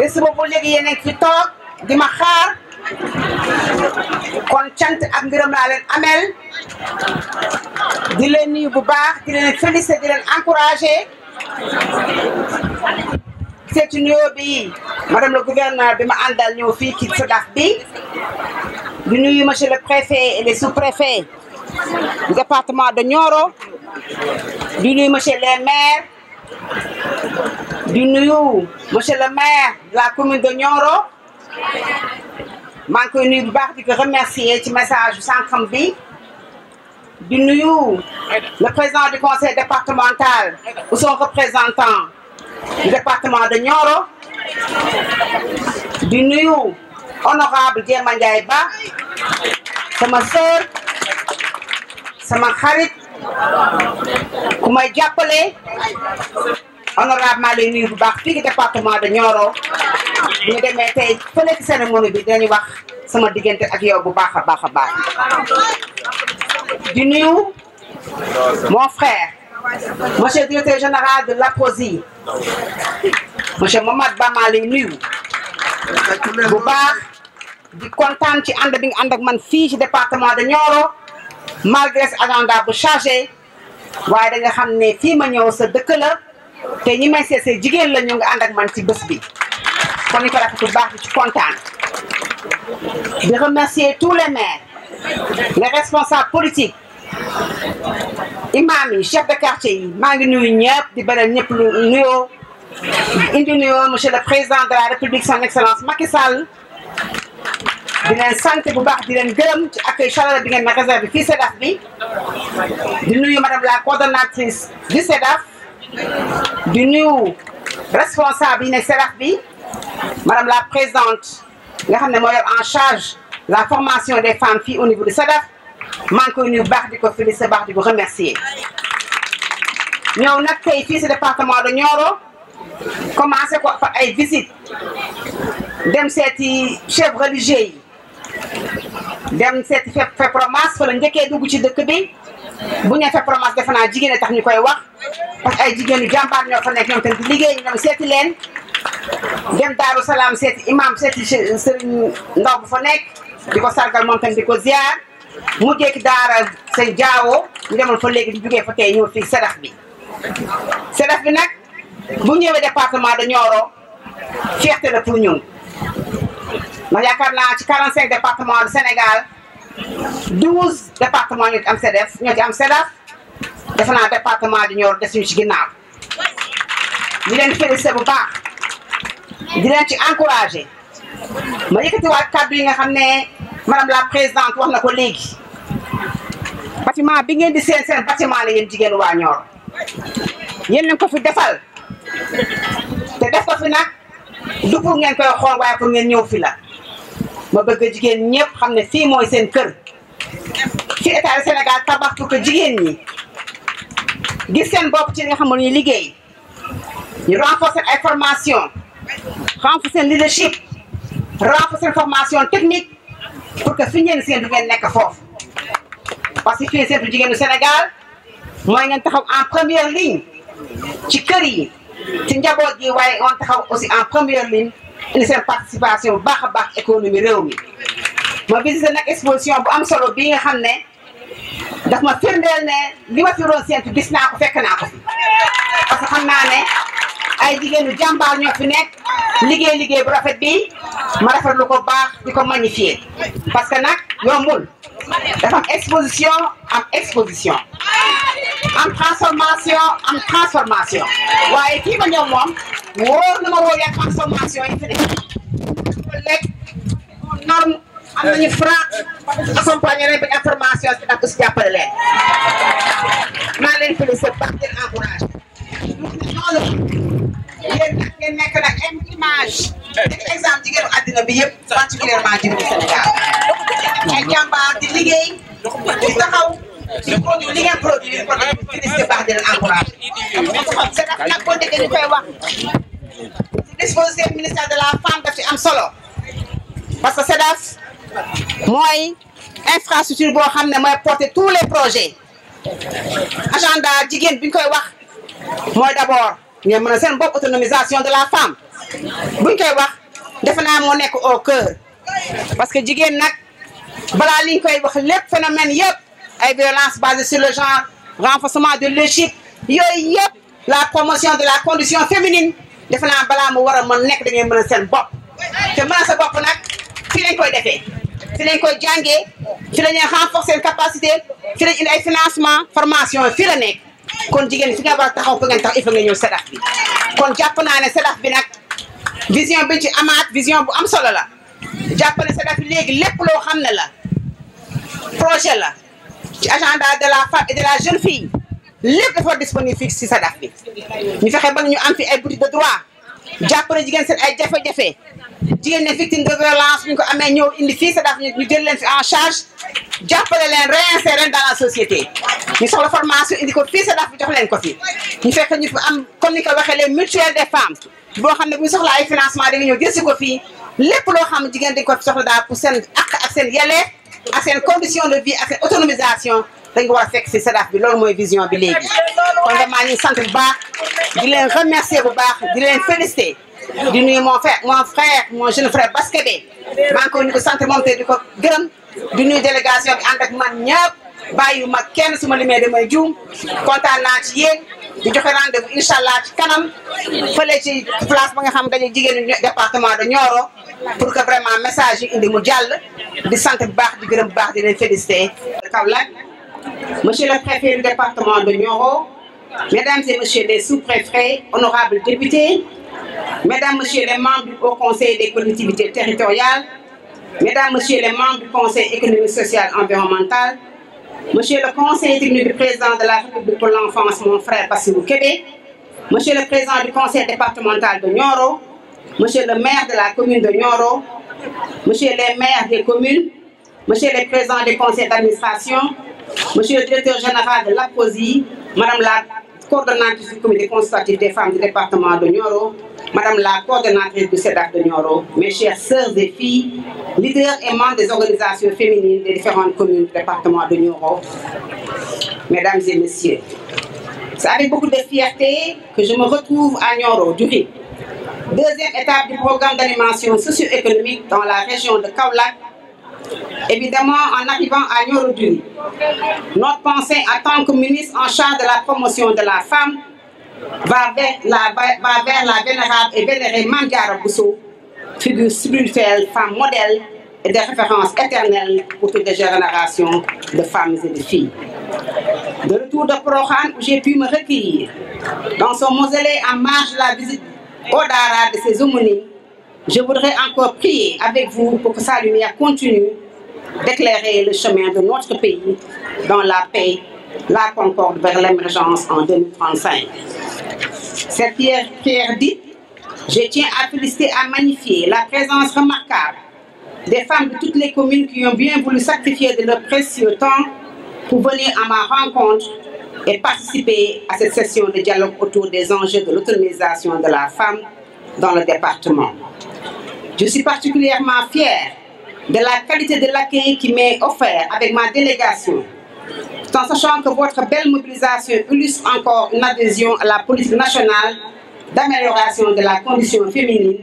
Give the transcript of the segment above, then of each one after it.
te suba bu léegi yéen ci toog di ma xaar kon cant ak ngërëm laa leen amel di leen nuyu bu baax di leen félicité di leen encouragé seetu nuyoo bi madame la gouverneure bi ma àndal ñëw fii ci SODAV bi di nuyu monsieur le préfet et les sous-préfets du département de Nioro di nuyu monsieur le maire di nuyu monsieur le maire de la commune de Nioro maa ngi koy nuyu bu baax di ko remercier ci message bu sànqam bi di nuyu le président du conseil départemental ou son représentant du département de Nioro di nuyu honorable Dieuma Ndiaye Ba sama sœur sama xarit ku may jàppale honorable maa lay nuyu bu baax fii ci département de Nioro bu ñu demee tey fële ci cérémonie bi dinañu wax sama diggante ak yow bu baax a baax a baax di nuyu mon frère monsieur directeur général de l'APROSI monsieur Mamad Ba maa lay nuyu bu baax di kontaan ci ànd bi nga man fii ci département de Nioro malgré agenda bu chargé waaye da nga xam ne fii ma ñëw sa dëkk te ñi may seesee jigéen la ñu nga ànd ak man ci bés bi kon ñu bu baax ci kontaan di remercier tous les maires les responsables politiques imam yi chef de quartier yi maa ngi nuyu ñëpp di beneen ñëpp lu nuyoo indi nuyoo monsieur le président de la république son excellence Macky Sall di leen sant bu baax di leen gërëm ci accueil chaleureux bi ngeen ma réservé fii SEDAF bi di nuyu madame la coordonnatrice du SEDAF di nuyu responsable yi ne seraf bi madame la présidente nga xam ne moo en charge la formation des femmes fii au niveau de SEDAF maa ngi koy nuyu baax di ko félicité baax di ko remercier ñëw nag tey fii si département de Nioro commencé ko fa ay visite dem seeti chef religieux yi dem seeti fe fe promesse fa la njëkkee dugg ci dëkk bi bu ñu fe promesse defe naa jigéen tax ñu koy wax parce que ay jigéen yu jàmbaar ñoo fa nekk ñoom tamit liggéey ñu seeti leen Daaru Salaam seeti imam seeti Ndaw bu fa nekk di ko sargal moom tamit di ko ziar mujjee ki daara seen jaawo ñu demoon fa léegi di jugee fa tey ñëw fii sedax bi sedax bi nag bu ñëwee département de Nioro fierté la pour ñun ndax yaakaar naa ci 45 département du Sénégal 12 département ñoo am SEDEF am SEDAF defe naa département di Nioro desuñu ci ginnaaw ñu leen félicité bu baax di leen ci encouragé ma yëkkatiwaat kàddu yi nga xam ne madame la présidente wax na ko léegi bâtiment bi ngeen di seen seen batiment la yéen jigéen waa Nioro yéen lañ ko fi defal te def ko fi nag du pour ngeen koy xool waaye pour ngeen ñëw fi la ma bëgg a jigéen ñëpp xam ne fii mooy seen kër fi état du Sénégal tabax pour que jigéen ñi gis seen bopp ci li nga xam ne liggéey ñu renforcer ay formation renforcer leadership renforcer formation technique pour que su ñeen seen du ngeen nekk foofu parce que fii seen du jigéenu Sénégal mooy ngeen taxaw en première ligne ci kër yi ci njaboot yi waaye ngeen taxaw aussi en première ligne indi seen participation bu baax a baax économie réew mi ma visité nag exposition bu am solo bii nga xam ne daf ma firndeel ne li ma fi doon séntu gis naa ko fekk naa ko parce que xam naa ne ay jigéenu jàmbaar ñoo fi nekk liggéey liggéey bu rafet bi ma rafet rafetlu ko baax di ko magnifier parce que nag yombul dafa am exposition am exposition am transformation am transformation waaye fii ma ñëw moom wóor na yaa transformation yi fi nekk am nañu franc accompagné leen bañ information ci dàq si jàppale leen maa leen félicité baax leen encouragé loolu yéen ak ngeen nekk nag image nekk exemple jigéenu àddina bi yëpp particulièrement jigéenu Sénégal ay jàmbaar di liggéey di taxaw di produit li ngeen produit kon nag félicité baax di leen encouragé c'est nag boo déggee ñu koy wax disposition ministère de la femme daf ci am solo parce que SEDAF mooy infrastructure boo xam ne mooy porter tous les projets agenda jigéen bi ñu koy wax mooy d'abord ngeen mën a seen bopp autonomisation de la femme buñ koy wax defe naa moo nekk au cœur parce que jigéen nag li liñ koy wax lépp phénomène yëpp ay violence basée sur le genre renforcement de l'équipe yooyu yëpp la promotion de la condition féminine defe naa balaa mu war a mën nekk da ngeen mën a seen bopp te mën a sa bopp fii lañ koy defee fi lañ koy jàngee fi la ñuy renforcer seen capacité fi lañ indi ay financement formation fi la nekk kon jigéen fi nga war a taxaw fa ngeen tax il faut nga ñëw SEDAF bi kon jàpp naa ne SEDAF bi nag vision bi ci amaat vision bu am solo la jàpp ne SEDAF bi léegi lépp loo xam ne la projet la ci agenda de la femme et de la jeune fille lépp dafa disponible fii si SEDAF bi ñu fexe ba ñu am fi ay boutique de droit jàpp ne jigéen seen ay jafe-jafe jigéen ñi victime de violence ñu ko amee ñëw indi fii SEDAF ñu jël leen fi en charge jàppale leen réinsérer dans la société ñu soxla formation indi ko fii SEDAF jox leen ko fi ñu fekk ñu am comme ni ko waxee les mutuelles des femmes boo xam ne bu soxla ay financement dañuy ñëw jël si ko fii lépp loo xam jigéen dañ ko soxla daal pour seen ak ak seen yelleef ak seen condition de vie ak seen autonomisation dañ ko war a fekk si SEDAF bi loolu mooy vision bi léegi kon vraiment ñu sant bu baax di leen di leen féliciter di nuyu mon frère mon frère mon jeune frère Baskede maa ngi koy ñu ko sant moom te di ko gërëm di nuyu délégation bi ànd ak man ñëpp bàyyi ma kenn su ma limee damay juum kontaan naa ci yéen di joxe rendez-vous incha allah ci kanam fële ci place ba nga xam dañuy jigéen ñi département de Nioro pour que vraiment message yi indi mu jàll di sant bu baax di gërëm bu baax di leen félicité Kaolack monsieur le préfet du département de Nioro Mesdames et Messieurs les sous-préfets, honorables députés, Mesdames, Messieurs les membres du Conseil des collectivités territoriales, Mesdames, Messieurs les membres du Conseil économique, social et environnemental, Monsieur le Conseil technique du Président de la République pour l'enfance, mon frère Bassirou Québec, Monsieur le Président du Conseil départemental de Nioro, Monsieur le maire de la commune de Nioro, Monsieur les maires des communes, Monsieur le Président des conseils d'administration, Monsieur le coordonnatrice du comité consultatif des femmes du département de Nioro, Madame la coordonnatrice du CEDAC de Nioro, mes chères sœurs et filles, leaders et membres des organisations féminines des différentes communes du département de Nioro, Mesdames et Messieurs, c'est avec beaucoup de fierté que je me retrouve à Nioro, Duri, deuxième étape du programme d'animation socio-économique dans la région de Kaolack Évidemment, en arrivant à Nyoroudun, notre pensée en tant que ministre en charge de la promotion de la femme va vers la, va vers la vénérable et vénérée Mandiara Bousso, figure spirituelle, et de référence éternelle pour toutes les générations de femmes et de filles. De retour de Prohan, j'ai pu me recueillir dans son mausolée en marge de la visite au de ses homonymes, Je voudrais encore prier avec vous pour que le chemin de notre pays dans la paix, la concorde vers l'émergence en 2035. Cette prière, prière dite, à féliciter, à magnifier la présence remarquable des femmes de toutes les communes qui ont bien voulu sacrifier de leur précieux temps pour participer à cette de dialogue autour des enjeux de l'autonomisation de la femme dans le département. Je suis particulièrement fière de la qualité de l'accueil qui m'est offert avec ma délégation, tout en sachant que votre belle mobilisation illustre encore une adhésion à la politique nationale d'amélioration de la condition féminine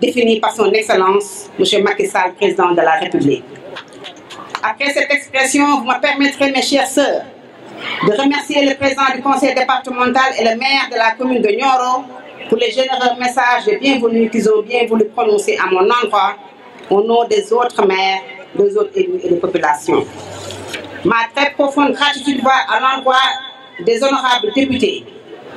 définie par son Excellence, M. Macky Sall, Président de la République. Après cette expression, vous me permettrez, mes chères sœurs, de remercier le président du conseil départemental et le maire de la commune de Nioro pour les généreux messages de bienvenue qu'ils ont bien voulu prononcer à mon endroit au nom des autres maires, des autres élus et des populations. Ma très profonde gratitude va à l'endroit des honorables députés,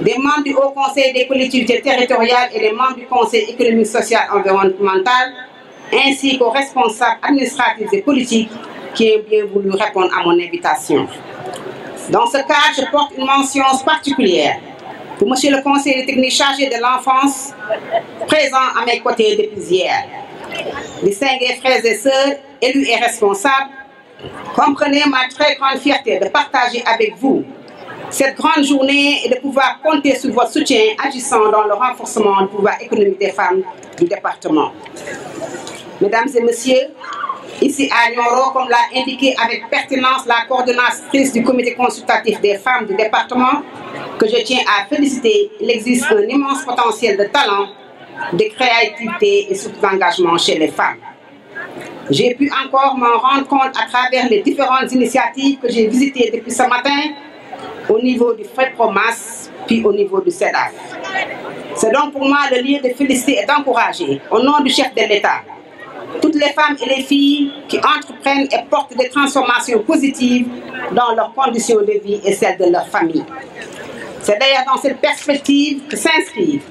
des membres du Haut Conseil des collectivités territoriales et des membres du Conseil économique, social environnemental, ainsi qu'aux responsables administratifs et politiques qui ont bien voulu répondre à mon invitation. Dans ce cadre, je porte une de monsieur le conseiller technique chargé de l'enfance, présent à mes côtés depuis hier. Distingués frères et sœurs, élus et responsables, comprenez ma très grande fierté de partager avec vous cette grande journée et de pouvoir compter sur votre soutien agissant dans le renforcement du pouvoir économique des femmes du département. Mesdames et messieurs, ici à Nioro, comme l'a indiqué avec pertinence la coordonnatrice du comité consultatif des femmes du département, que je tiens à féliciter, il existe un immense potentiel de talent, de créativité et surtout d'engagement chez les femmes. J'ai pu encore m'en rendre compte à travers les différentes initiatives que j'ai visitées depuis ce matin au niveau du FEPROMAS, puis au niveau du CEDAF. C'est donc pour moi le lieu de féliciter et d'encourager, au nom du chef de l'État, toutes les femmes et les filles qui entreprennent et portent des transformations positives dans leurs conditions de vie et celles de leur famille. C'est d'ailleurs dans cette perspective que s'inscrivent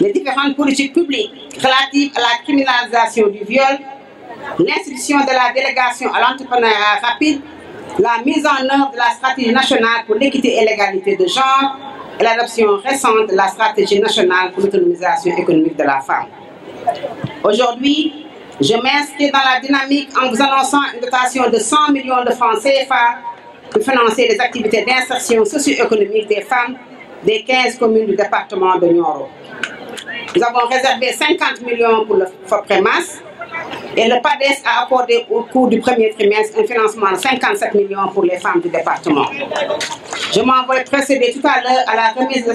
les différentes politiques publiques relatives à la criminalisation du viol, l'institution de la délégation à l'entrepreneuriat rapide, la mise en œuvre de la stratégie nationale pour l'équité et l'égalité de genre et l'adoption récente de la stratégie nationale pour l'autonomisation économique de la femme. Aujourd'hui, je m'inscris dans la dynamique en vous annonçant une dotation de 100 millions de de financer les activités d'insertion socio-économique des femmes communes du département de Nioro. Nous avons réservé 50 millions pour le FOPREMAS et le PADES a accordé pour les femmes du département. Je m'en vais procéder tout à l'heure à la remise de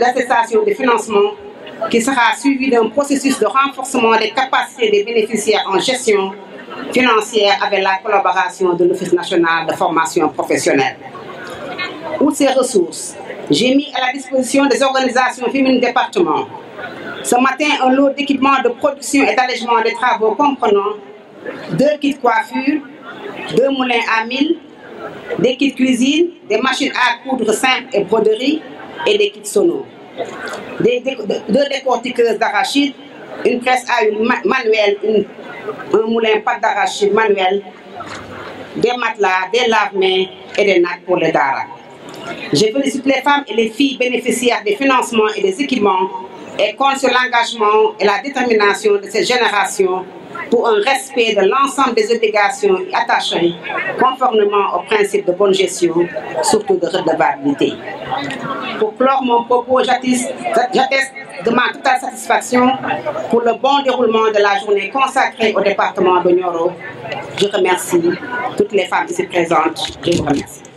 l'attestation de financement qui des capacités des bénéficiaires financière avec la collaboration de l'Office national de formation professionnelle. Toutes ces ressources, j'ai mis à la disposition des organisations féminines département ce matin un lot d'équipements de production et d'allègement des travaux comprenant deux kits coiffure, deux moulins à mille, des kits cuisine, des machines à coudre simples et broderie et des kits sonos. Des, deux décortiqueuses d'arachides, une presse à huile une, moulin pas d'arachide manuel, des matelas, des lave et des nattes pour le daras. Je félicite les femmes et les filles bénéficiaires des financements et des équipements et compte sur l'engagement et la détermination de ces générations pour un respect de l'ensemble des obligations attachées conformément aux principes de bonne gestion, surtout de redevabilité. Pour clore mon propos, j'atteste de ma totale satisfaction pour le bon déroulement de la journée consacrée au département de Nioro. Je remercie toutes les femmes ici présentes. Je remercie.